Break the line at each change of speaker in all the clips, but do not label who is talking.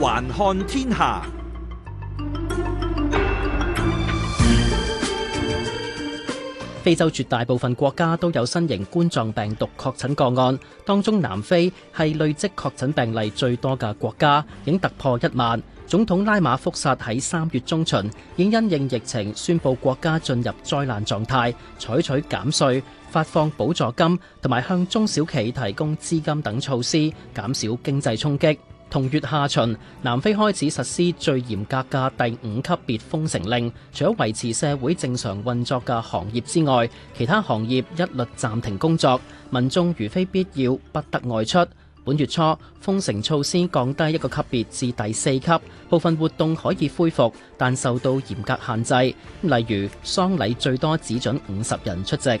環看天下，非洲絕大部分國家都有新型冠狀病毒確診個案，當中南非係累積確診病例最多嘅國家，已突破一萬。總統拉馬福薩喺三月中旬，已因應疫情宣布國家進入災難狀態，採取減稅、發放補助金同埋向中小企提供資金等措施，減少經濟衝擊。同月下旬，南非開始實施最嚴格嘅第五級別封城令，除咗維持社會正常運作嘅行業之外，其他行業一律暫停工作，民眾如非必要不得外出。本月初，封城措施降低一個級別至第四級，部分活動可以恢復，但受到嚴格限制，例如喪禮最多只准五十人出席。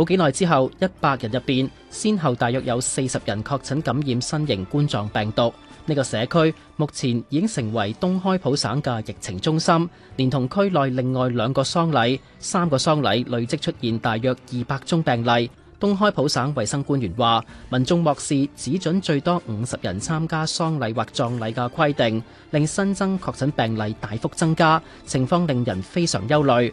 冇幾耐之後，一百人入面，先後大約有四十人確診感染新型冠狀病毒。呢個社區目前已經成為東開普省嘅疫情中心，連同區內另外兩個喪禮、三個喪禮累積出現大約二百宗病例。東開普省衛生官員話：民眾漠視只准最多五十人參加喪禮或葬禮嘅規定，令新增確診病例大幅增加，情況令人非常憂慮。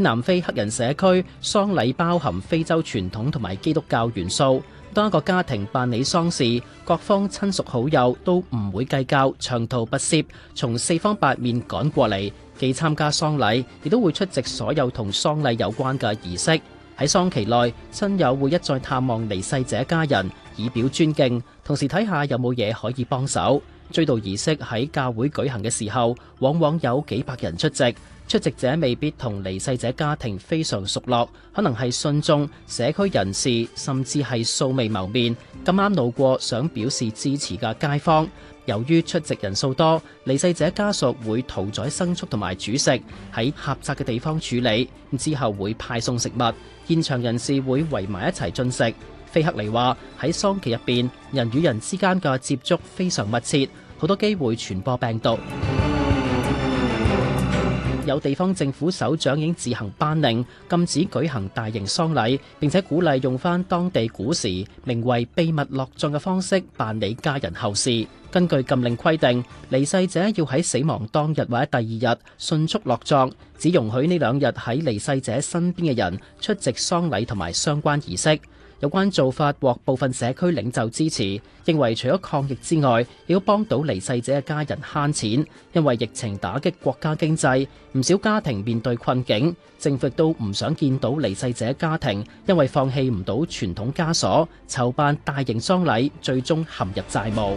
喺南非黑人社區，喪禮包含非洲傳統同埋基督教元素。當一個家庭辦理喪事，各方親屬好友都唔會計較長途跋涉，從四方八面趕過嚟，既參加喪禮，亦都會出席所有同喪禮有關嘅儀式。喺喪期內，親友會一再探望離世者家人，以表尊敬，同時睇下有冇嘢可以幫手。追悼儀式喺教會舉行嘅時候，往往有幾百人出席，出席者未必同離世者家庭非常熟絡，可能係信眾、社區人士，甚至係素未謀面、咁啱路過想表示支持嘅街坊。由於出席人數多，離世者家屬會屠宰牲畜同埋煮食喺狹窄嘅地方處理，之後會派送食物。現場人士會圍埋一齊進食。菲克尼話喺喪期入邊，人與人之間嘅接觸非常密切，好多機會傳播病毒。有地方政府首長已經自行頒令禁止舉行大型喪禮，並且鼓勵用翻當地古時名為秘密落葬嘅方式辦理家人後事。根據禁令規定，離世者要喺死亡當日或者第二日迅速落葬，只容許呢兩日喺離世者身邊嘅人出席喪禮同埋相關儀式。有關做法獲部分社區領袖支持，認為除咗抗疫之外，亦都幫到離世者嘅家人慳錢，因為疫情打擊國家經濟，唔少家庭面對困境，政府亦都唔想見到離世者家庭因為放棄唔到傳統枷鎖，籌辦大型喪禮，最終陷入債務。